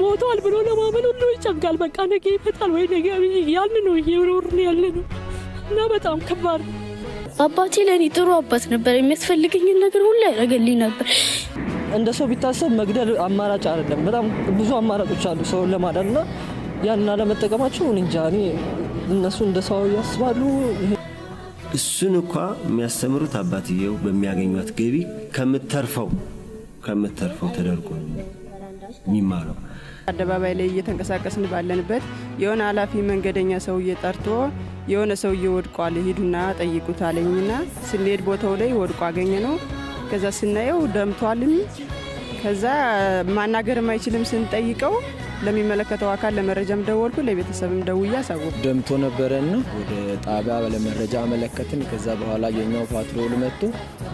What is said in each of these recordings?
ሞቷል ብሎ ለማመን ሁሉ ይጨንቃል። በቃ ነገ ይፈጣል ወይ ነገ ያን ነው እየኖርን ያለ ነው እና በጣም ከባድ ነው። አባቴ ለእኔ ጥሩ አባት ነበር። የሚያስፈልገኝን ነገር ሁሉ ያደረገልኝ ነበር። እንደ ሰው ቢታሰብ መግደል አማራጭ አይደለም። በጣም ብዙ አማራጮች አሉ ሰውን ለማዳን እና ያንን አለመጠቀማቸው እንጃ እኔ እነሱ እንደ ሰው ያስባሉ። እሱን እንኳ የሚያስተምሩት አባትየው በሚያገኟት ገቢ ከምትተርፈው ከምትተርፈው ተደርጎ የሚማረው አደባባይ ላይ እየተንቀሳቀስን ባለንበት የሆነ ኃላፊ መንገደኛ ሰውዬ ጠርቶ የሆነ ሰውዬ ወድቋል፣ ሂዱና ጠይቁት አለኝና ስንሄድ ቦታው ላይ ወድቆ አገኘ ነው። ከዛ ስናየው ደምቷልም። ከዛ ማናገርም አይችልም ስንጠይቀው ለሚመለከተው አካል ለመረጃም ደወልኩ፣ ለቤተሰብም ደውዬ አሳወቅኩ። ደምቶ ነበረና ወደ ጣቢያ ለመረጃ አመለከትን። ከዛ በኋላ የኛው ፓትሮል መጥቶ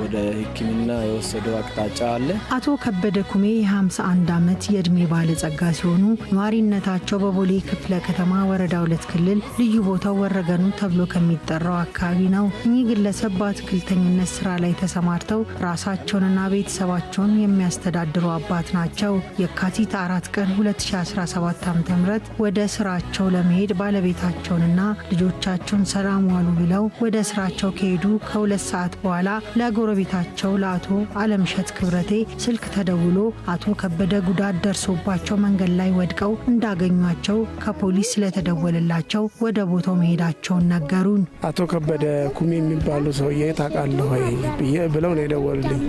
ወደ ሕክምና የወሰደው አቅጣጫ አለ። አቶ ከበደ ኩሜ የ51 ዓመት የዕድሜ ባለጸጋ ሲሆኑ ነዋሪነታቸው በቦሌ ክፍለ ከተማ ወረዳ ሁለት ክልል ልዩ ቦታው ወረገኑ ተብሎ ከሚጠራው አካባቢ ነው። እኚህ ግለሰብ በአትክልተኝነት ስራ ላይ ተሰማርተው ራሳቸውንና ቤተሰባቸውን የሚያስተዳድሩ አባት ናቸው። የካቲት አራት ቀን 2017 ዓ ም ወደ ስራቸው ለመሄድ ባለቤታቸውንና ልጆቻቸውን ሰላም ዋሉ ብለው ወደ ስራቸው ከሄዱ ከሁለት ሰዓት በኋላ ለጎ ጎረቤታቸው ለአቶ አለምሸት ክብረቴ ስልክ ተደውሎ አቶ ከበደ ጉዳት ደርሶባቸው መንገድ ላይ ወድቀው እንዳገኟቸው ከፖሊስ ስለተደወለላቸው ወደ ቦታው መሄዳቸውን ነገሩን። አቶ ከበደ ኩሜ የሚባሉ ሰውዬ ታውቃለህ ወይ ብለው ነው የደወሉልኝ።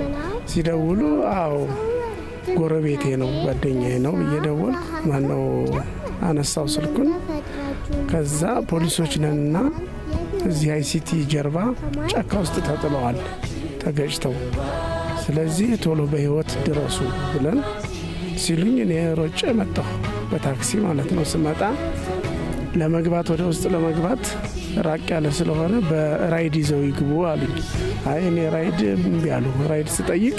ሲደውሉ አዎ ጎረቤቴ ነው ጓደኛዬ ነው ብዬ ደወልኩ። ማነው አነሳው ስልኩን። ከዛ ፖሊሶች ነንና እዚህ አይሲቲ ጀርባ ጫካ ውስጥ ተጥለዋል ተገጭተው፣ ስለዚህ ቶሎ በህይወት ድረሱ ብለን ሲሉኝ እኔ ሮጬ መጣሁ። በታክሲ ማለት ነው። ስመጣ ለመግባት ወደ ውስጥ ለመግባት ራቅ ያለ ስለሆነ በራይድ ይዘው ይግቡ አሉኝ። አይ እኔ ራይድ እምቢ አሉ። ራይድ ስጠይቅ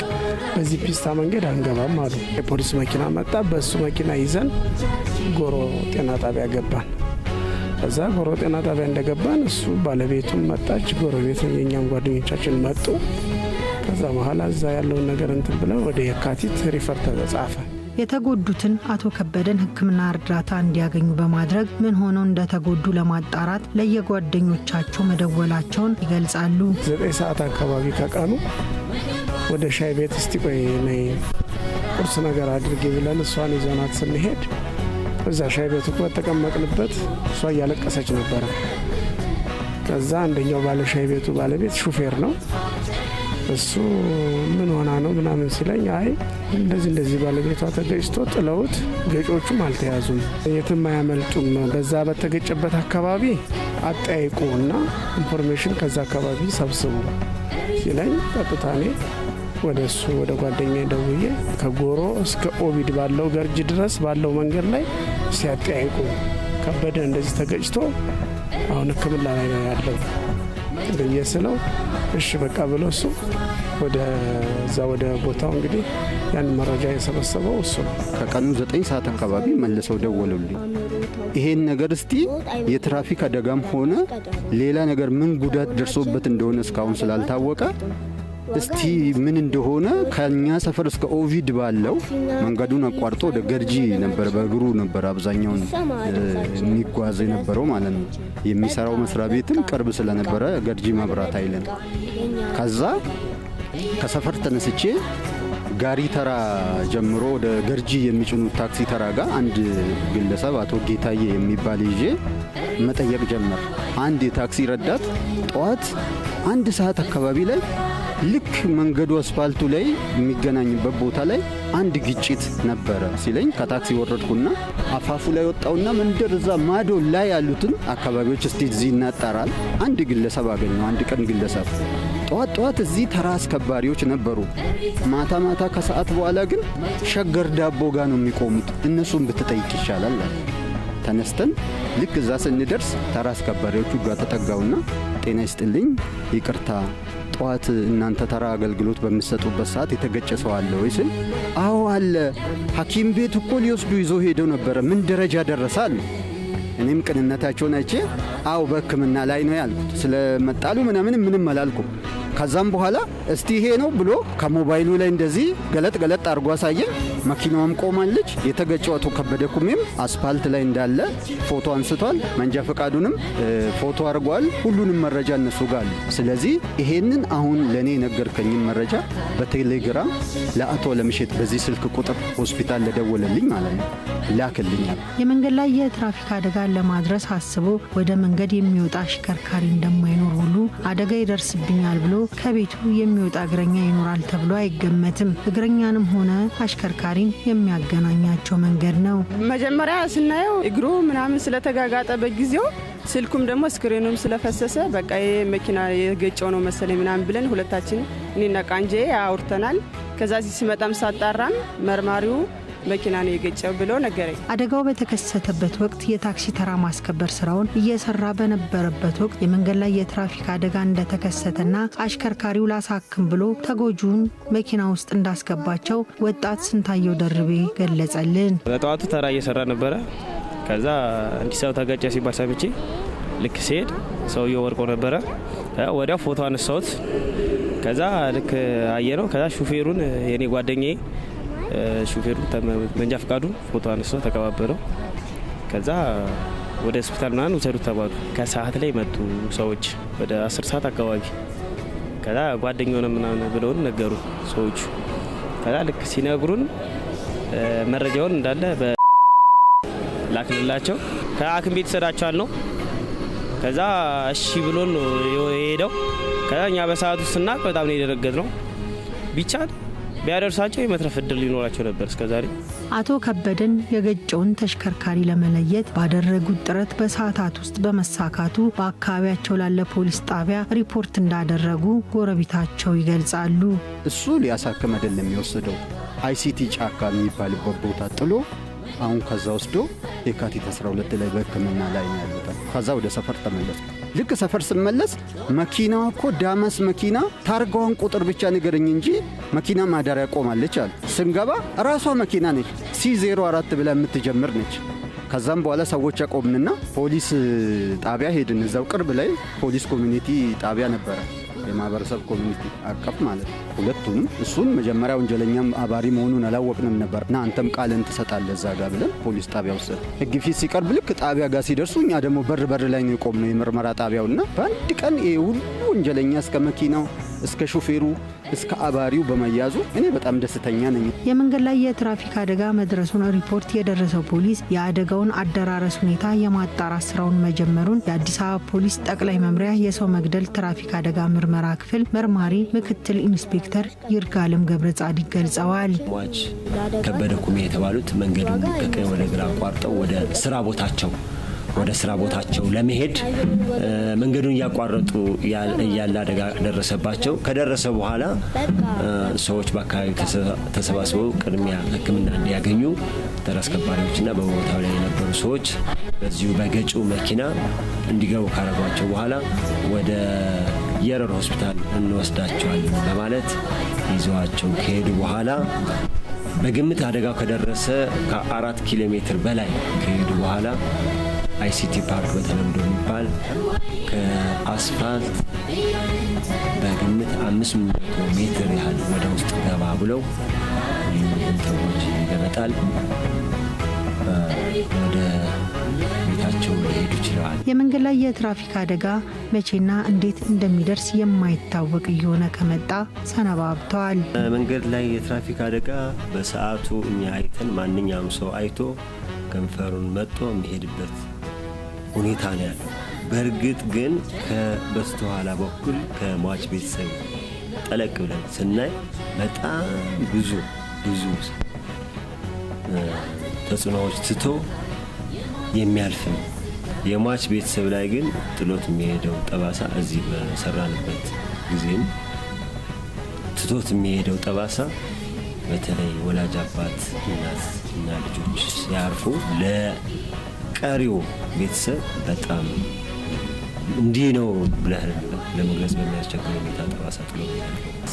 በዚህ ፒስታ መንገድ አንገባም አሉ። የፖሊስ መኪና መጣ። በእሱ መኪና ይዘን ጎሮ ጤና ጣቢያ ገባን። ከዛ ጎሮ ጤና ጣቢያ እንደገባን እሱ ባለቤቱም መጣች፣ ጎረቤት የእኛም ጓደኞቻችን መጡ። ከዛ በኋላ እዛ ያለውን ነገር እንትን ብለን ወደ የካቲት ሪፈር ተጻፈ። የተጎዱትን አቶ ከበደን ህክምና እርዳታ እንዲያገኙ በማድረግ ምን ሆነው እንደተጎዱ ለማጣራት ለየጓደኞቻቸው መደወላቸውን ይገልጻሉ። ዘጠኝ ሰዓት አካባቢ ከቀኑ ወደ ሻይ ቤት እስቲ ቆይ ቁርስ ነገር አድርጌ ብለን እሷን ይዘናት ስንሄድ እዛ ሻይ ቤቱ ቁመት ተቀመጥንበት። እሷ እያለቀሰች ነበረ። ከዛ አንደኛው ባለ ሻይ ቤቱ ባለቤት ሹፌር ነው። እሱ ምን ሆና ነው ምናምን ሲለኝ፣ አይ እንደዚህ እንደዚህ ባለቤቷ ተገጭቶ ጥለውት ገጮቹም አልተያዙም፣ የትም አያመልጡም። በዛ በተገጨበት አካባቢ አጠያይቁ እና ኢንፎርሜሽን ከዛ አካባቢ ሰብስቡ ሲለኝ ቀጥታ እኔ ወደ እሱ ወደ ጓደኛ ደውዬ ከጎሮ እስከ ኦቢድ ባለው ገርጅ ድረስ ባለው መንገድ ላይ ሲያጠያይቁ ከበደ እንደዚህ ተገጭቶ አሁን ሕክምና ላይ ነው ያለው ብዬ ስለው እሺ በቃ ብሎ እሱ ወደዛ ወደ ቦታው እንግዲህ ያን መረጃ የሰበሰበው እሱ ነው። ከቀኑ ዘጠኝ ሰዓት አካባቢ መልሰው ደወሉልኝ። ይሄን ነገር እስቲ የትራፊክ አደጋም ሆነ ሌላ ነገር ምን ጉዳት ደርሶበት እንደሆነ እስካሁን ስላልታወቀ እስቲ ምን እንደሆነ ከኛ ሰፈር እስከ ኦቪድ ባለው መንገዱን አቋርጦ ወደ ገርጂ ነበር በእግሩ ነበረ አብዛኛውን የሚጓዝ የነበረው ማለት ነው። የሚሰራው መስሪያ ቤትም ቅርብ ስለነበረ ገርጂ መብራት አይለን። ከዛ ከሰፈር ተነስቼ ጋሪ ተራ ጀምሮ ወደ ገርጂ የሚጭኑት ታክሲ ተራ ጋር አንድ ግለሰብ አቶ ጌታዬ የሚባል ይዤ መጠየቅ ጀመር። አንድ የታክሲ ረዳት ጠዋት አንድ ሰዓት አካባቢ ላይ ልክ መንገዱ አስፋልቱ ላይ የሚገናኝበት ቦታ ላይ አንድ ግጭት ነበረ ሲለኝ ከታክሲ ወረድኩና አፋፉ ላይ ወጣውና መንደር እዛ ማዶ ላይ ያሉትን አካባቢዎች እስቲ እዚህ እናጠራል። አንድ ግለሰብ አገኘው። አንድ ቀን ግለሰብ ጠዋት ጠዋት እዚህ ተራ አስከባሪዎች ነበሩ። ማታ ማታ ከሰዓት በኋላ ግን ሸገር ዳቦ ጋ ነው የሚቆሙት። እነሱን ብትጠይቅ ይሻላል። ተነስተን ልክ እዛ ስንደርስ ተራ አስከባሪዎቹ ጋር ተጠጋውና ጤና ይስጥልኝ፣ ይቅርታ ጠዋት እናንተ ተራ አገልግሎት በሚሰጡበት ሰዓት የተገጨ ሰው አለ ወይ ስል አዎ አለ፣ ሐኪም ቤት እኮ ሊወስዱ ይዞ ሄደው ነበረ፣ ምን ደረጃ ደረሳሉ? እኔም ቅንነታቸውን አይቼ አው በህክምና ላይ ነው ያልኩት። ስለመጣሉ ምናምን ምንም አላልኩም። ከዛም በኋላ እስቲ ይሄ ነው ብሎ ከሞባይሉ ላይ እንደዚህ ገለጥ ገለጥ አድርጎ አሳየኝ። መኪናዋም ቆማለች። የተገጨው አቶ ከበደ ኩሜም አስፓልት ላይ እንዳለ ፎቶ አንስቷል። መንጃ ፈቃዱንም ፎቶ አድርጓል። ሁሉንም መረጃ እነሱ ጋር አሉ። ስለዚህ ይሄንን አሁን ለእኔ የነገርከኝን መረጃ በቴሌግራም ለአቶ ለምሸት በዚህ ስልክ ቁጥር ሆስፒታል ለደወለልኝ ማለት ነው ላክልኛል። የመንገድ ላይ የትራፊክ አደጋን ለማድረስ አስቦ ወደ መንገድ የሚወጣ አሽከርካሪ እንደማይኖር ሁሉ አደጋ ይደርስብኛል ብሎ ከቤቱ የሚወጣ እግረኛ ይኖራል ተብሎ አይገመትም። እግረኛንም ሆነ አሽከርካሪን የሚያገናኛቸው መንገድ ነው። መጀመሪያ ስናየው እግሩ ምናምን ስለተጋጋጠ በጊዜው ስልኩም ደግሞ ስክሪኑም ስለፈሰሰ በቃ መኪና የገጨው ነው መሰለኝ ምናምን ብለን ሁለታችን እኔና ቃንጄ አውርተናል። ከዛ ሲመጣም ሳጣራም መርማሪው መኪና ነው የገጨው ብሎ ነገረኝ። አደጋው በተከሰተበት ወቅት የታክሲ ተራ ማስከበር ስራውን እየሰራ በነበረበት ወቅት የመንገድ ላይ የትራፊክ አደጋ እንደተከሰተና አሽከርካሪው ላሳክም ብሎ ተጎጂውን መኪና ውስጥ እንዳስገባቸው ወጣት ስንታየው ደርቤ ገለጸልን። በጠዋቱ ተራ እየሰራ ነበረ። ከዛ እንዲሰው ሰው ተገጨ ሲባል ሰምቼ ልክ ሲሄድ ሰውየው ወርቆ ነበረ። ወዲያው ፎቶ አነሳሁት። ከዛ ልክ አየ ነው። ከዛ ሹፌሩን የኔ ጓደኛዬ ሹፌሩ መንጃ ፈቃዱ ፎቶ አነስቶ ተቀባበለው። ከዛ ወደ ሆስፒታል ምናምን ውሰዱ ተባሉ። ከሰዓት ላይ መጡ ሰዎች ወደ አስር ሰዓት አካባቢ። ከዛ ጓደኛ ሆነ ምናምን ብለውን ነገሩ ሰዎቹ። ከዛ ልክ ሲነግሩን መረጃውን እንዳለ ላክንላቸው። ከአክም ቤት ሰዳቸዋል ነው። ከዛ እሺ ብሎን የሄደው። ከዛ እኛ በሰዓቱ ስናቅ በጣም ነው ነው ቢቻል ቢያደርሳቸው የመትረፍ እድል ሊኖራቸው ነበር እስከዛሬ። አቶ ከበደን የገጨውን ተሽከርካሪ ለመለየት ባደረጉት ጥረት በሰዓታት ውስጥ በመሳካቱ በአካባቢያቸው ላለ ፖሊስ ጣቢያ ሪፖርት እንዳደረጉ ጎረቤታቸው ይገልጻሉ። እሱ ሊያሳክም አይደለም የወሰደው አይሲቲ ጫካ የሚባልበት ቦታ ጥሎ አሁን ከዛ ወስዶ የካቲት 12 ላይ በሕክምና ላይ ነው ያሉታል። ከዛ ወደ ሰፈር ተመለስኩ። ልክ ሰፈር ስመለስ መኪናዋ እኮ ዳመስ መኪና ታርጋዋን ቁጥር ብቻ ንገረኝ እንጂ መኪና ማዳሪያ ቆማለች አለ። ስንገባ ራሷ መኪና ነች፣ ሲ04 ብላ የምትጀምር ነች። ከዛም በኋላ ሰዎች ያቆምንና ፖሊስ ጣቢያ ሄድን። እዛው ቅርብ ላይ ፖሊስ ኮሚኒቲ ጣቢያ ነበረ። የማህበረሰብ ኮሚኒቲ አቀፍ ማለት ነው። ሁለቱንም እሱን መጀመሪያ ወንጀለኛም አባሪ መሆኑን አላወቅንም ነበር እና አንተም ቃልን ትሰጣለህ እዛ ጋር ብለን ፖሊስ ጣቢያ ውስጥ ህግ ፊት ሲቀርብ ልክ ጣቢያ ጋር ሲደርሱ እኛ ደግሞ በር በር ላይ ነው የቆምነው የምርመራ ጣቢያው እና በአንድ ቀን ይሄ ሁሉ ወንጀለኛ እስከ መኪናው እስከ ሾፌሩ እስከ አባሪው በመያዙ እኔ በጣም ደስተኛ ነኝ። የመንገድ ላይ የትራፊክ አደጋ መድረሱን ሪፖርት የደረሰው ፖሊስ የአደጋውን አደራረስ ሁኔታ የማጣራት ስራውን መጀመሩን የአዲስ አበባ ፖሊስ ጠቅላይ መምሪያ የሰው መግደል ትራፊክ አደጋ ምርመራ ክፍል መርማሪ ምክትል ኢንስፔክተር ይርጋለም ገብረ ጻዲቅ ገልጸዋል። ከበደ ኩሜ የተባሉት መንገዱን ከቀኝ ወደ ግራ አቋርጠው ወደ ስራ ቦታቸው ወደ ስራ ቦታቸው ለመሄድ መንገዱን እያቋረጡ እያለ አደጋ ደረሰባቸው። ከደረሰ በኋላ ሰዎች በአካባቢ ተሰባስበው ቅድሚያ ሕክምና እንዲያገኙ ተራ አስከባሪዎችና በቦታው ላይ የነበሩ ሰዎች በዚሁ በገጩ መኪና እንዲገቡ ካረጓቸው በኋላ ወደ የረር ሆስፒታል እንወስዳቸዋለን በማለት ይዘዋቸው ከሄዱ በኋላ በግምት አደጋው ከደረሰ ከአራት ኪሎ ሜትር በላይ ከሄዱ በኋላ አይሲቲ ፓርክ በተለምዶ የሚባል ከአስፋልት በግምት አምስት መቶ ሜትር ያህል ወደ ውስጥ ገባ ብለው ይህን ሰዎች ይገበጣል ወደ ቤታቸው ሊሄዱ ችለዋል። የመንገድ ላይ የትራፊክ አደጋ መቼና እንዴት እንደሚደርስ የማይታወቅ እየሆነ ከመጣ ሰነባብተዋል። መንገድ ላይ የትራፊክ አደጋ በሰዓቱ እኛ አይተን ማንኛውም ሰው አይቶ ከንፈሩን መጥቶ የሚሄድበት ሁኔታ ነው ያለው። በእርግጥ ግን ከበስተኋላ በኩል ከሟች ቤተሰብ ጠለቅ ብለን ስናይ በጣም ብዙ ብዙ ተጽዕኖዎች ትቶ የሚያልፍ ነው። የሟች ቤተሰብ ላይ ግን ጥሎት የሚሄደው ጠባሳ እዚህ በሰራንበት ጊዜም ትቶት የሚሄደው ጠባሳ በተለይ ወላጅ አባት፣ እናት እና ልጆች ሲያርፉ ቀሪው ቤተሰብ በጣም እንዲህ ነው ብለህ ለመግለጽ በሚያስቸግር ሁኔታ ጠባሳ ጥሎ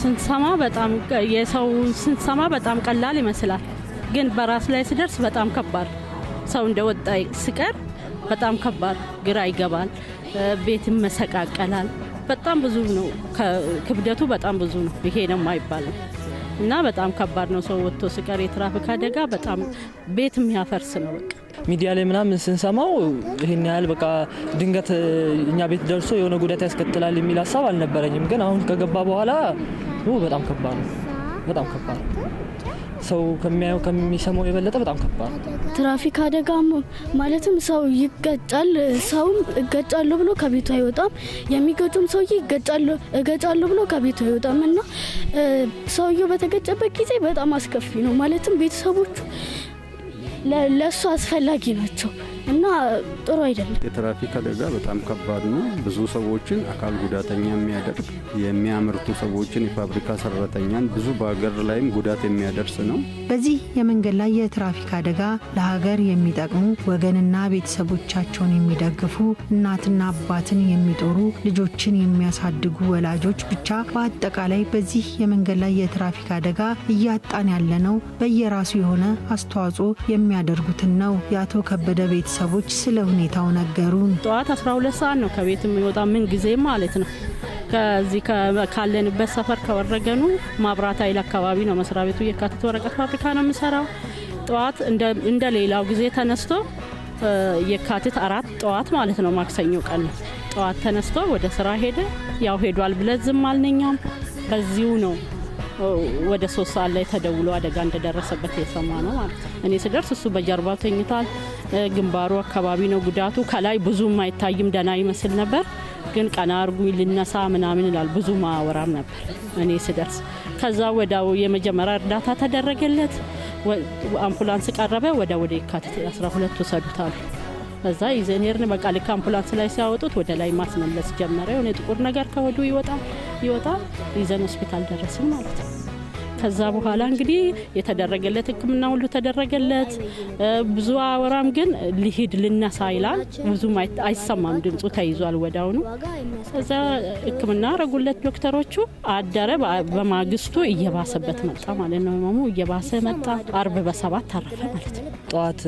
ስንሰማ በጣም የሰው ስንሰማ በጣም ቀላል ይመስላል፣ ግን በራስ ላይ ስደርስ በጣም ከባድ ሰው እንደወጣ ስቀር በጣም ከባድ ግራ ይገባል። ቤት መሰቃቀላል። በጣም ብዙ ነው ክብደቱ፣ በጣም ብዙ ነው። ይሄ ነው አይባልም እና በጣም ከባድ ነው። ሰው ወጥቶ ስቀር የትራፊክ አደጋ በጣም ቤት የሚያፈርስ ነው በቃ ሚዲያ ላይ ምናምን ስንሰማው ይህን ያህል በቃ ድንገት እኛ ቤት ደርሶ የሆነ ጉዳት ያስከትላል የሚል ሀሳብ አልነበረኝም። ግን አሁን ከገባ በኋላ በጣም ከባድ ነው። በጣም ከባድ ነው። ሰው ከሚያየው ከሚሰማው የበለጠ በጣም ከባድ ትራፊክ አደጋ ማለትም ሰው ይገጫል። ሰውም እገጫለሁ ብሎ ከቤቱ አይወጣም። የሚገጩም ሰውዬ ይገጫለሁ እገጫለሁ ብሎ ከቤቱ አይወጣም እና ሰውየው በተገጨበት ጊዜ በጣም አስከፊ ነው። ማለትም ቤተሰቦቹ ለእሱ አስፈላጊ ናቸው። እና ጥሩ አይደለም። የትራፊክ አደጋ በጣም ከባድ ነው። ብዙ ሰዎችን አካል ጉዳተኛ የሚያደርግ የሚያመርቱ ሰዎችን፣ የፋብሪካ ሰራተኛን ብዙ በሀገር ላይም ጉዳት የሚያደርስ ነው። በዚህ የመንገድ ላይ የትራፊክ አደጋ ለሀገር የሚጠቅሙ ወገንና ቤተሰቦቻቸውን የሚደግፉ እናትና አባትን የሚጦሩ ልጆችን የሚያሳድጉ ወላጆች ብቻ በአጠቃላይ በዚህ የመንገድ ላይ የትራፊክ አደጋ እያጣን ያለነው በየራሱ የሆነ አስተዋጽኦ የሚያደርጉትን ነው። የአቶ ከበደ ቤተሰብ ቤተሰቦች ስለ ሁኔታው ነገሩን። ጠዋት 12 ሰዓት ነው ከቤት የሚወጣ ምን ጊዜ ማለት ነው። ከዚህ ካለንበት ሰፈር ከወረገኑ ማብራት ኃይል አካባቢ ነው መስሪያ ቤቱ። የካቲት ወረቀት ፋብሪካ ነው የምሰራው። ጠዋት እንደ ሌላው ጊዜ ተነስቶ የካቲት አራት ጠዋት ማለት ነው ማክሰኞ ቀን ነው ጠዋት ተነስቶ ወደ ስራ ሄደ። ያው ሄዷል ብለን ዝም አልነኛም። በዚሁ ነው ወደ ሶስት ሰዓት ላይ ተደውሎ አደጋ እንደደረሰበት የሰማ ነው ማለት ነው። እኔ ስደርስ እሱ በጀርባው ተኝቷል። ግንባሩ አካባቢ ነው ጉዳቱ። ከላይ ብዙም አይታይም፣ ደና ይመስል ነበር። ግን ቀና አርጉ ልነሳ ምናምን ይላል። ብዙ ማወራም ነበር እኔ ስደርስ። ከዛ ወዳው የመጀመሪያ እርዳታ ተደረገለት፣ አምቡላንስ ቀረበ። ወደ ወደ የካቲት 12 ወሰዱታል። በዛ ይዘኔርን በቃ ልክ አምቡላንስ ላይ ሲያወጡት ወደ ላይ ማስመለስ ጀመረ። የሆነ ጥቁር ነገር ከወዱ ይወጣል ይወጣል። ይዘን ሆስፒታል ደረስን ማለት ነው። ከዛ በኋላ እንግዲህ የተደረገለት ሕክምና ሁሉ ተደረገለት። ብዙ አወራም ግን ሊሄድ ልነሳ ይላል። ብዙም አይሰማም፣ ድምፁ ተይዟል ወዳውኑ። ከዛ ሕክምና አረጉለት ዶክተሮቹ። አደረ። በማግስቱ እየባሰበት መጣ ማለት ነው። ህመሙ እየባሰ መጣ። አርብ በሰባት ታረፈ ማለት ነው። ጠዋት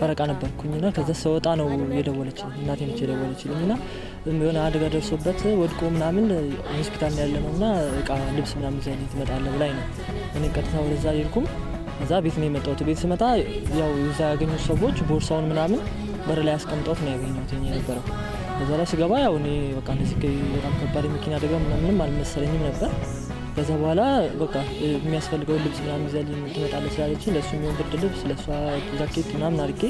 ፈረቃ ነበርኩኝና ከዛ ሰወጣ ነው የደወለች እናቴ ነች የደወለችልኝና የሆነ አደጋ ደርሶበት ወድቆ ምናምን ሆስፒታል ያለ ነው እና እቃ ልብስ ምናምን ዛ ትመጣለህ ብላይ ነው። እኔ ቀጥታ ወደዛ ይልኩም እዛ ቤት ነው የመጣሁት። ቤት ስመጣ ያው እዛ ያገኙት ሰዎች ቦርሳውን ምናምን በር ላይ አስቀምጠውት ነው ያገኘሁት የነበረው። እዛ ላይ ስገባ ያው እኔ በቃ እንደዚህ በጣም ከባድ የመኪና አደጋ ምናምንም አልመሰለኝም ነበር። ከዛ በኋላ በቃ የሚያስፈልገውን ልብስ ምናምን ይዛልኝ ትመጣለህ ስላለችኝ ለእሱ የሚሆን ብርድ ልብስ ለእሷ ጃኬት ምናምን አድርጌ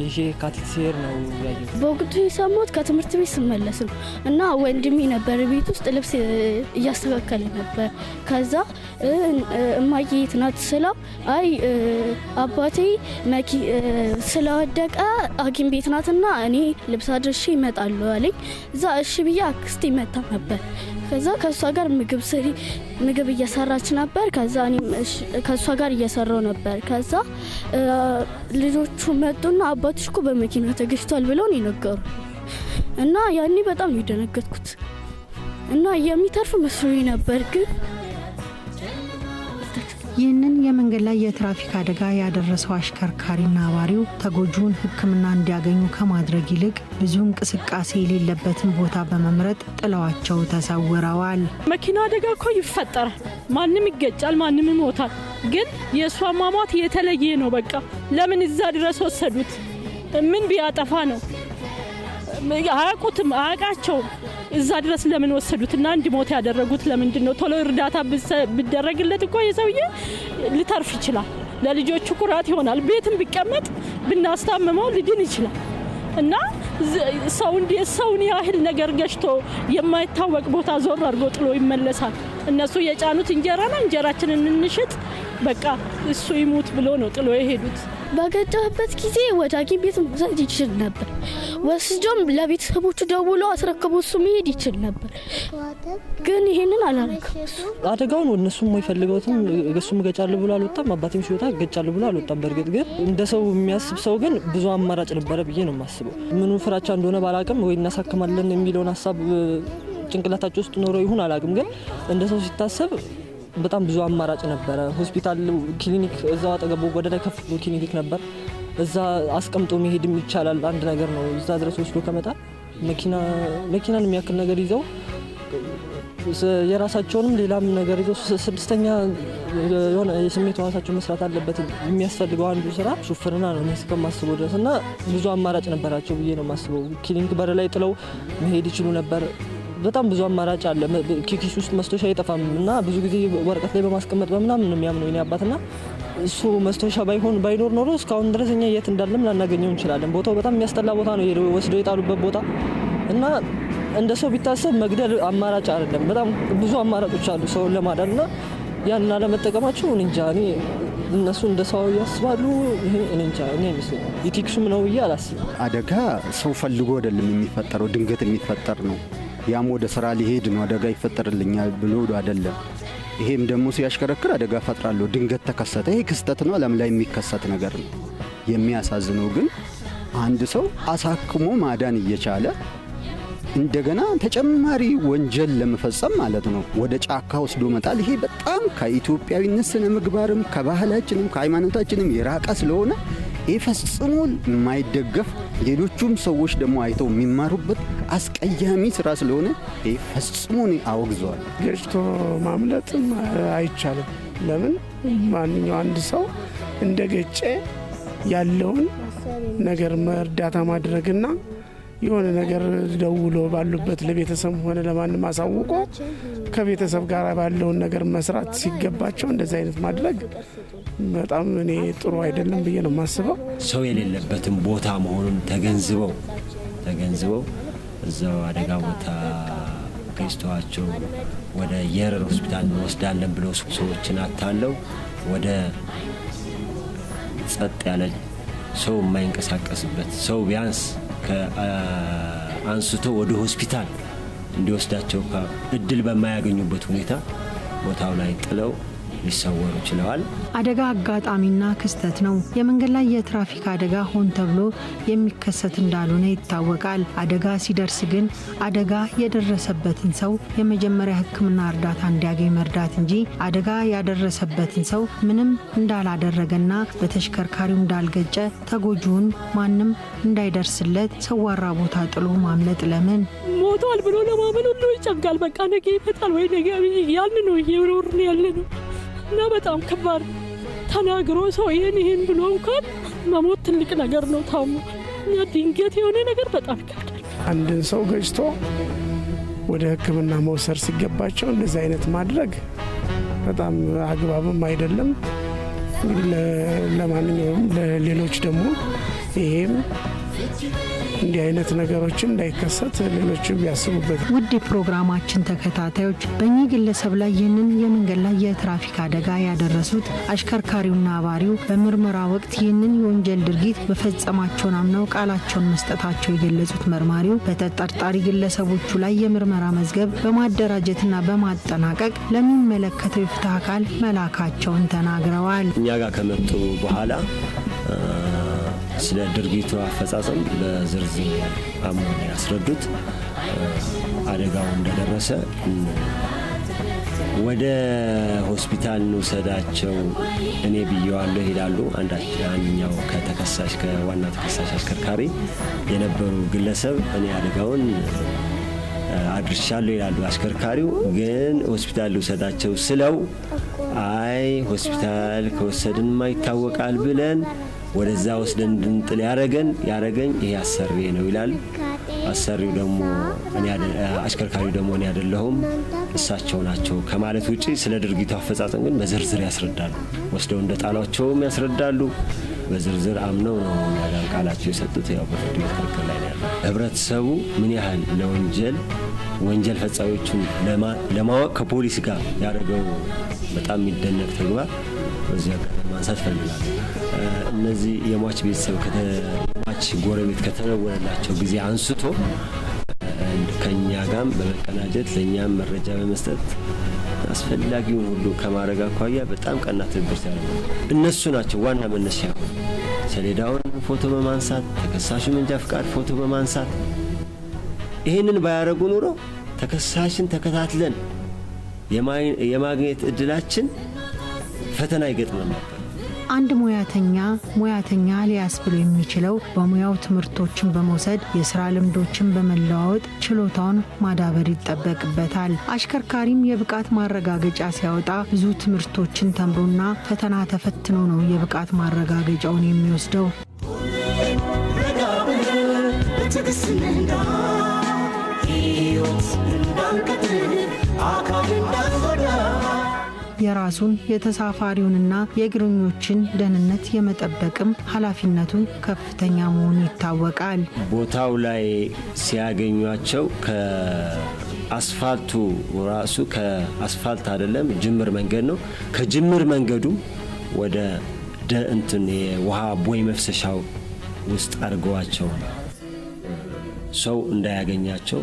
ይዤ የካቲት ስሄድ ነው ያየሁት። በወቅቱ የሰማሁት ከትምህርት ቤት ስመለስ ነው እና ወንድሜ ነበር ቤት ውስጥ ልብስ እያስተካከለ ነበር። ከዛ እማዬ የት ናት ስለው አይ አባቴ ስለወደቀ ሐኪም ቤት ናትና እኔ ልብስ አድርሼ ይመጣሉ አለኝ። እዛ እሺ ብዬ አክስቴ መታ ነበር ከዛ ከእሷ ጋር ምግብ ስሪ ምግብ እየሰራች ነበር። ከዛ ከእሷ ጋር እየሰራው ነበር። ከዛ ልጆቹ መጡና አባትሽ እኮ በመኪና ተገጭቷል ብለውን የነገሩ እና ያኔ በጣም ነው የደነገጥኩት እና የሚተርፍ መስሎኝ ነበር ግን ይህንን የመንገድ ላይ የትራፊክ አደጋ ያደረሰው አሽከርካሪና አባሪው ተጎጂውን ሕክምና እንዲያገኙ ከማድረግ ይልቅ ብዙ እንቅስቃሴ የሌለበትን ቦታ በመምረጥ ጥለዋቸው ተሰውረዋል። መኪና አደጋ እኮ ይፈጠራል። ማንም ይገጫል፣ ማንም ይሞታል። ግን የእሷ ማሟት የተለየ ነው። በቃ ለምን እዛ ድረስ ወሰዱት? ምን ቢያጠፋ ነው? አያውቁትም፣ አያውቃቸውም። እዛ ድረስ ለምን ወሰዱት እና እንዲሞት ያደረጉት ለምንድን ነው? ቶሎ እርዳታ ብደረግለት እኮ የሰውዬ ሊተርፍ ይችላል። ለልጆቹ ኩራት ይሆናል። ቤትም ቢቀመጥ ብናስታምመው ሊድን ይችላል እና ሰው እንዴት ሰውን ያህል ነገር ገጭቶ የማይታወቅ ቦታ ዞር አድርጎ ጥሎ ይመለሳል? እነሱ የጫኑት እንጀራ ነው። እንጀራችንን እንሽጥ፣ በቃ እሱ ይሙት ብሎ ነው ጥሎ የሄዱት። ባገጨህበት ጊዜ ወደ ሐኪም ቤት መውሰድ ይችል ነበር። ወስጆም ለቤተሰቦቹ ደውሎ አስረክቦ እሱ መሄድ ይችል ነበር፣ ግን ይህንን አላረክም። አደጋውን እነሱም ይፈልገውትም እሱም እገጫለሁ ብሎ አልወጣም፣ አባቴም ሲወጣ እገጫለሁ ብሎ አልወጣም። በእርግጥ ግን እንደ ሰው የሚያስብ ሰው ግን ብዙ አማራጭ ነበረ ብዬ ነው የማስበው። ምኑ ፍራቻ እንደሆነ ባላቅም ወይ እናሳክማለን የሚለውን ሀሳብ ጭንቅላታቸው ውስጥ ኖሮ ይሁን አላቅም፣ ግን እንደ ሰው ሲታሰብ በጣም ብዙ አማራጭ ነበረ። ሆስፒታል፣ ክሊኒክ እዛው አጠገቡ ወደ ላይ ከፍ ክሊኒክ ነበር። እዛ አስቀምጦ መሄድም ይቻላል። አንድ ነገር ነው። እዛ ድረስ ወስዶ ከመጣ መኪናን የሚያክል ነገር ይዘው የራሳቸውንም ሌላም ነገር ይዘው ስድስተኛ የሆነ የስሜት ሕዋሳቸው መስራት አለበት። የሚያስፈልገው አንዱ ስራ ሹፍርና ነው እስከማስበው ድረስ እና ብዙ አማራጭ ነበራቸው ብዬ ነው የማስበው። ክሊኒክ በር ላይ ጥለው መሄድ ይችሉ ነበር። በጣም ብዙ አማራጭ አለ። ኪስ ውስጥ መስቶሻ አይጠፋም እና ብዙ ጊዜ ወረቀት ላይ በማስቀመጥ በምናምን ነው የሚያምነው የእኔ አባትና እሱ መስቶሻ ባይሆን ባይኖር ኖሮ እስካሁን ድረስ እኛ የት እንዳለም ላናገኘው እንችላለን። ቦታው በጣም የሚያስጠላ ቦታ ነው፣ ወስደው የጣሉበት ቦታ እና እንደ ሰው ቢታሰብ መግደል አማራጭ አይደለም። በጣም ብዙ አማራጮች አሉ ሰውን ለማዳን እና ያንን አለመጠቀማቸው እንጃ። እኔ እነሱ እንደ ሰው ያስባሉ፣ እኔ እኔ ነው ብዬ አላስብም። አደጋ ሰው ፈልጎ አይደለም የሚፈጠረው፣ ድንገት የሚፈጠር ነው። ያም ወደ ስራ ሊሄድ ነው አደጋ ይፈጠርልኛል ብሎ አይደለም። ይሄም ደግሞ ሲያሽከረክር አደጋ ፈጥራለሁ፣ ድንገት ተከሰተ። ይሄ ክስተት ነው፣ ዓለም ላይ የሚከሰት ነገር ነው። የሚያሳዝነው ግን አንድ ሰው አሳክሞ ማዳን እየቻለ እንደገና ተጨማሪ ወንጀል ለመፈጸም ማለት ነው ወደ ጫካ ወስዶ መጣል። ይሄ በጣም ከኢትዮጵያዊነት ስነ ምግባርም ከባህላችንም ከሃይማኖታችንም የራቀ ስለሆነ ይህ ፈጽሞ የማይደገፍ ሌሎቹም ሰዎች ደግሞ አይተው የሚማሩበት አስቀያሚ ስራ ስለሆነ ይህ ፈጽሞ አወግዘዋል። ገጭቶ ማምለጥም አይቻልም። ለምን ማንኛው አንድ ሰው እንደ ገጨ ያለውን ነገር መርዳታ ማድረግና የሆነ ነገር ደውሎ ባሉበት ለቤተሰብ ሆነ ለማንም አሳውቆ ከቤተሰብ ጋር ባለውን ነገር መስራት ሲገባቸው እንደዚህ አይነት ማድረግ በጣም እኔ ጥሩ አይደለም ብዬ ነው የማስበው። ሰው የሌለበትም ቦታ መሆኑን ተገንዝበው ተገንዝበው እዛው አደጋ ቦታ ገዝተዋቸው ወደ የረር ሆስፒታል እንወስዳለን ብለው ሰዎችን አታለው ወደ ጸጥ ያለ ሰው የማይንቀሳቀስበት ሰው ቢያንስ አንስቶ ወደ ሆስፒታል እንዲወስዳቸው እድል በማያገኙበት ሁኔታ ቦታው ላይ ጥለው ሊሰወሩ ችለዋል። አደጋ አጋጣሚና ክስተት ነው። የመንገድ ላይ የትራፊክ አደጋ ሆን ተብሎ የሚከሰት እንዳልሆነ ይታወቃል። አደጋ ሲደርስ ግን አደጋ የደረሰበትን ሰው የመጀመሪያ ሕክምና እርዳታ እንዲያገኝ መርዳት እንጂ አደጋ ያደረሰበትን ሰው ምንም እንዳላደረገና በተሽከርካሪው እንዳልገጨ ተጎጂውን ማንም እንዳይደርስለት ሰዋራ ቦታ ጥሎ ማምለጥ ለምን ሞቷል ብሎ ለማመን ሁሉ ይጨንቃል። በቃ ነገ ይመጣል ወይ ነገ ያን ነው እየኖርን ያለ ነው። እና በጣም ከባድ ተናግሮ ሰው ይህን ይህን ብሎ እንኳን መሞት ትልቅ ነገር ነው። ታሞ እና ድንገት የሆነ ነገር በጣም ይከብዳል። አንድን ሰው ገጭቶ ወደ ሕክምና መውሰድ ሲገባቸው እንደዚህ አይነት ማድረግ በጣም አግባብም አይደለም። ለማንኛውም ለሌሎች ደግሞ ይሄም እንዲህ አይነት ነገሮችን እንዳይከሰት ሌሎች ያስቡበት። ውድ ፕሮግራማችን ተከታታዮች በእኚህ ግለሰብ ላይ ይህንን የመንገድ ላይ የትራፊክ አደጋ ያደረሱት አሽከርካሪውና አባሪው በምርመራ ወቅት ይህንን የወንጀል ድርጊት መፈጸማቸውን አምነው ቃላቸውን መስጠታቸው የገለጹት መርማሪው በተጠርጣሪ ግለሰቦቹ ላይ የምርመራ መዝገብ በማደራጀትና በማጠናቀቅ ለሚመለከተው የፍትህ አካል መላካቸውን ተናግረዋል። እኛ ጋር ከመጡ በኋላ ስለ ድርጊቱ አፈጻጸም በዝርዝር አምኖን ያስረዱት አደጋው እንደደረሰ ወደ ሆስፒታል እንውሰዳቸው እኔ ብየዋለሁ ይላሉ። አንደኛው ከተከሳሽ ከዋና ተከሳሽ አሽከርካሪ የነበሩ ግለሰብ እኔ አደጋውን አድርሻለሁ ይላሉ። አሽከርካሪው ግን ሆስፒታል ልውሰዳቸው ስለው አይ ሆስፒታል ከወሰድን ማይታወቃል ብለን ወደዛ ወስደን እንድንጥል ያረገን ያረገኝ ይሄ አሰሪ ነው ይላል። አሰሪው ደግሞ አሽከርካሪው ደግሞ እኔ አይደለሁም እሳቸው ናቸው ከማለት ውጪ ስለ ድርጊቱ አፈጻጸም ግን በዝርዝር ያስረዳሉ። ወስደው እንደ ጣሏቸውም ያስረዳሉ። በዝርዝር አምነው ነው ያዳን ቃላቸው የሰጡት። ያው በፍርድ ቤት ክርክር ላይ ያለ ህብረተሰቡ ምን ያህል ለወንጀል ወንጀል ፈጻሚዎቹን ለማወቅ ከፖሊስ ጋር ያደረገው በጣም የሚደነቅ ተግባር በዚህ ማንሳት ፈልጋል። እነዚህ የሟች ቤተሰብ የሟች ጎረቤት ከተደወለላቸው ጊዜ አንስቶ ከእኛ ጋም በመቀናጀት ለእኛም መረጃ በመስጠት አስፈላጊውን ሁሉ ከማድረግ አኳያ በጣም ቀና ትብብር ሲያደርጉ እነሱ ናቸው ዋና መነሻ ያሆኑ ሰሌዳውን ፎቶ በማንሳት ተከሳሹ መንጃ ፍቃድ ፎቶ በማንሳት ይህንን ባያደረጉ ኑሮ ተከሳሽን ተከታትለን የማግኘት እድላችን ፈተና ይገጥመን ነበር። አንድ ሙያተኛ ሙያተኛ ሊያስብሎ የሚችለው በሙያው ትምህርቶችን በመውሰድ የስራ ልምዶችን በመለዋወጥ ችሎታውን ማዳበር ይጠበቅበታል። አሽከርካሪም የብቃት ማረጋገጫ ሲያወጣ ብዙ ትምህርቶችን ተምሮና ፈተና ተፈትኖ ነው የብቃት ማረጋገጫውን የሚወስደው። የራሱን የተሳፋሪውንና የእግረኞችን ደህንነት የመጠበቅም ኃላፊነቱ ከፍተኛ መሆኑ ይታወቃል። ቦታው ላይ ሲያገኟቸው ከአስፋልቱ ራሱ ከአስፋልት አይደለም ጅምር መንገድ ነው። ከጅምር መንገዱ ወደ እንትን የውሃ ቦይ መፍሰሻው ውስጥ አድርገዋቸው ሰው እንዳያገኛቸው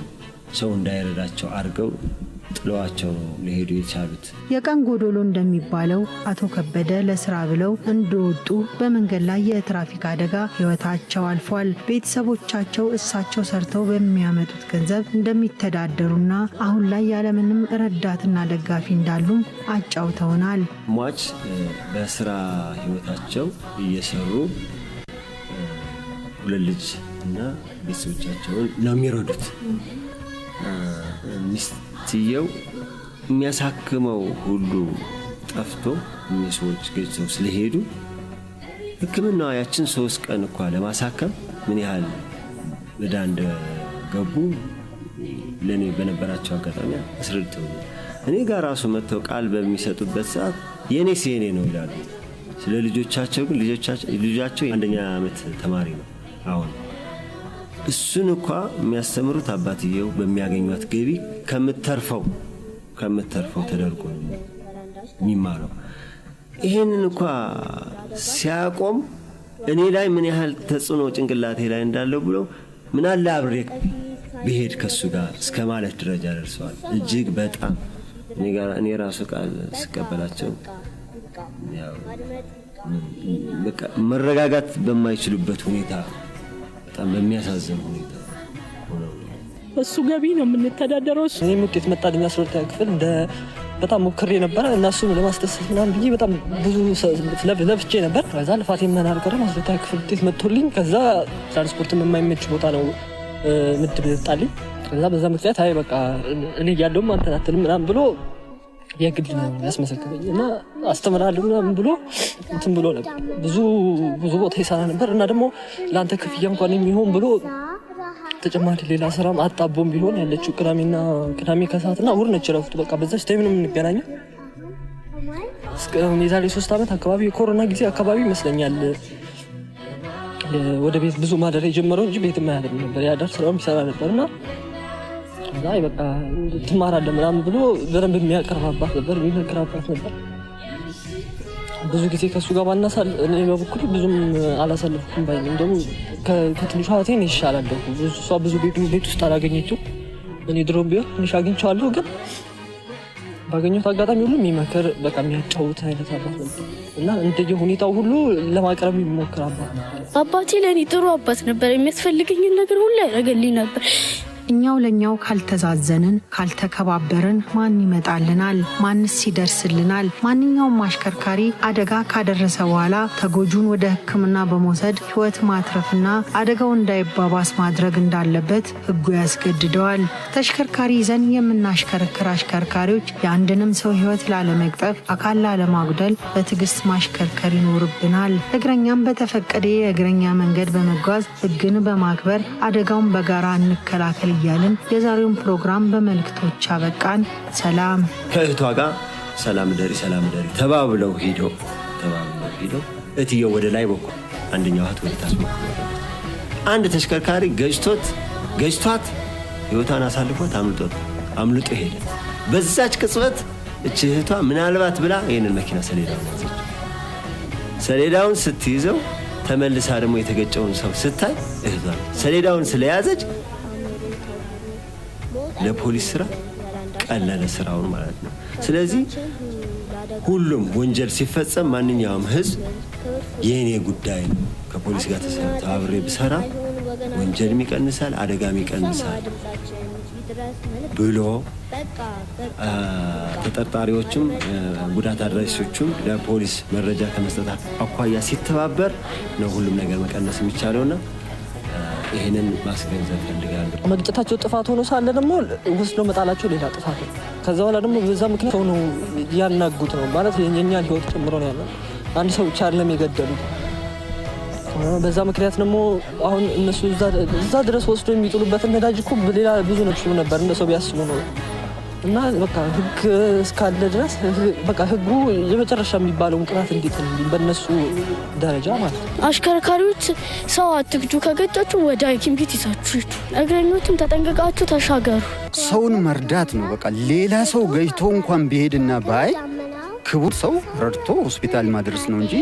ሰው እንዳይረዳቸው አድርገው ጥለዋቸው ሊሄዱ የቻሉት። የቀን ጎዶሎ እንደሚባለው አቶ ከበደ ለስራ ብለው እንደወጡ በመንገድ ላይ የትራፊክ አደጋ ህይወታቸው አልፏል። ቤተሰቦቻቸው እሳቸው ሰርተው በሚያመጡት ገንዘብ እንደሚተዳደሩና አሁን ላይ ያለምንም ረዳትና ደጋፊ እንዳሉም አጫውተውናል። ሟች በስራ ህይወታቸው እየሰሩ ሁለት ልጅ እና ቤተሰቦቻቸውን ነው የሚረዱት። ትየው የሚያሳክመው ሁሉ ጠፍቶ እኚህ ሰዎች ገዝተው ስለሄዱ ሕክምናዋ ያችን ሶስት ቀን እንኳ ለማሳከም ምን ያህል ዕዳ እንደገቡ ለእኔ በነበራቸው አጋጣሚ አስረድተው እኔ ጋር ራሱ መጥተው ቃል በሚሰጡበት ሰዓት የእኔ ሲኔ ነው ይላሉ። ስለ ልጆቻቸው ግን ልጆቻቸው አንደኛ ዓመት ተማሪ ነው አሁን እሱን እንኳ የሚያስተምሩት አባትየው በሚያገኟት ገቢ ከምተርፈው ከምተርፈው ተደርጎ የሚማረው። ይህንን እንኳ ሲያቆም እኔ ላይ ምን ያህል ተጽዕኖ ጭንቅላቴ ላይ እንዳለው ብለው ምናለ አብሬ ብሄድ ከሱ ጋር እስከ ማለት ደረጃ ደርሰዋል። እጅግ በጣም እኔ ራሱ ቃል ስቀበላቸው መረጋጋት በማይችሉበት ሁኔታ በጣም በሚያሳዝን ሁኔታ እሱ ገቢ ነው የምንተዳደረው። እኔም ውጤት መጣልኝ አስረዳ ክፍል እንደ በጣም ሞክሬ ነበረ እና እሱም ለማስደሰት ምናምን ብዬ በጣም ብዙ ለፍቼ ነበር። ከዛ ልፋት የመናር ቀረ ማስረዳ ክፍል ውጤት መጥቶልኝ፣ ከዛ ትራንስፖርትም የማይመች ቦታ ነው ምድብ ይጣልኝ። ከዛ በዛ ምክንያት አይ በቃ እኔ እያለሁም አንተናትልም ምናምን ብሎ የግድ ነው ያስመሰክበኝ እና አስተምራለሁ ምናምን ብሎ እንትን ብሎ ነበር። ብዙ ብዙ ቦታ ይሰራ ነበር እና ደግሞ ለአንተ ክፍያ እንኳን የሚሆን ብሎ ተጨማሪ ሌላ ስራም አጣቦም ቢሆን ያለችው ቅዳሜና ቅዳሜ ከሰዓት ከሰዓትና እሑድ ነች እረፍቱ። በቃ በዛች ታይም ነው የምንገናኘው። የዛሬ ሶስት ዓመት አካባቢ የኮሮና ጊዜ አካባቢ ይመስለኛል ወደ ቤት ብዙ ማደር የጀመረው እንጂ ቤት ማያደር ነበር። የአዳር ስራውም ይሰራ ነበር እና ከዛ በቃ ትማራለህ ምናምን ብሎ በደንብ የሚያቀርብ ነበር፣ የሚመክር ነበር። ብዙ ጊዜ ከእሱ ጋር ባናሳል እኔ በበኩል ብዙም አላሳልፍኩም ባይ ነው። እንደውም ከትንሿ እህቴን ይሻላለሁ። እሷ ብዙ ቤት ውስጥ አላገኘችው። እኔ ድሮም ቢሆን ትንሽ አግኝቼዋለሁ፣ ግን ባገኘሁት አጋጣሚ ሁሉ የሚመክር በቃ የሚያጫውት አይነት አባት ነበር እና እንደየ ሁኔታው ሁሉ ለማቅረብ የሚሞክር አባት ነበር። አባቴ ለእኔ ጥሩ አባት ነበር። የሚያስፈልገኝን ነገር ሁሉ ያደረገልኝ ነበር። እኛው ለእኛው ካልተዛዘንን ካልተከባበርን ማን ይመጣልናል? ማንስ ይደርስልናል? ማንኛውም አሽከርካሪ አደጋ ካደረሰ በኋላ ተጎጁን ወደ ሕክምና በመውሰድ ሕይወት ማትረፍና አደጋው እንዳይባባስ ማድረግ እንዳለበት ሕጉ ያስገድደዋል። ተሽከርካሪ ይዘን የምናሽከረክር አሽከርካሪዎች የአንድንም ሰው ሕይወት ላለመቅጠፍ፣ አካል ላለማጉደል በትዕግስት ማሽከርከር ይኖርብናል። እግረኛም በተፈቀደ የእግረኛ መንገድ በመጓዝ ሕግን በማክበር አደጋውን በጋራ እንከላከል እያልን የዛሬውን ፕሮግራም በመልእክቶች አበቃን። ሰላም ከእህቷ ጋር ሰላም ደሪ ሰላም ደሪ ተባብለው ሄደው ተባብለው ሄደው እትየው ወደ ላይ በኩል አንደኛው እህት ወደ አንድ ተሽከርካሪ ገጭቶት ገጭቷት ህይወቷን አሳልፎት አምልጦት አምልጦ ሄደ። በዛች ቅጽበት እች እህቷ ምናልባት ብላ ይህንን መኪና ሰሌዳውን ያዘች። ሰሌዳውን ስትይዘው ተመልሳ ደግሞ የተገጨውን ሰው ስታይ እህቷ ሰሌዳውን ስለያዘች ለፖሊስ ስራ ቀለለ ስራውን ማለት ነው። ስለዚህ ሁሉም ወንጀል ሲፈጸም ማንኛውም ህዝብ የእኔ ጉዳይ ነው፣ ከፖሊስ ጋር ተባብሬ ብሰራ ወንጀልም ይቀንሳል፣ አደጋም ይቀንሳል ብሎ ተጠርጣሪዎችም ጉዳት አድራሾችም ለፖሊስ መረጃ ከመስጠት አኳያ ሲተባበር ነው ሁሉም ነገር መቀነስ የሚቻለውና ይህንን ማስገንዘብ ፈልጋለሁ። መግጨታቸው ጥፋት ሆኖ ሳለ ደግሞ ወስዶ መጣላቸው ሌላ ጥፋት ነው። ከዛ በኋላ ደግሞ በዛ ምክንያት ሆኖ ያናጉት ነው ማለት የኛን ህይወት ጨምሮ ነው ያለ አንድ ሰው ብቻ አይደለም የገደሉት። በዛ ምክንያት ደግሞ አሁን እነሱ እዛ ድረስ ወስዶ የሚጥሉበትን ነዳጅ እኮ ሌላ ብዙ ነች ነበር እንደ ሰው ቢያስቡ ነው እና በቃ ህግ እስካለ ድረስ በቃ ህጉ የመጨረሻ የሚባለውን ቅጣት እንዲጥልልኝ በነሱ ደረጃ ማለት ነው። አሽከርካሪዎች ሰው አትግጁ፣ ከገጫችሁ ወደ ሐኪም ቤት ይዛችሁ ሂዱ፣ እግረኞችም ተጠንቅቃችሁ ተሻገሩ። ሰውን መርዳት ነው በቃ ሌላ ሰው ገጭቶ እንኳን ቢሄድና ባይ ክቡር ሰው ረድቶ ሆስፒታል ማድረስ ነው እንጂ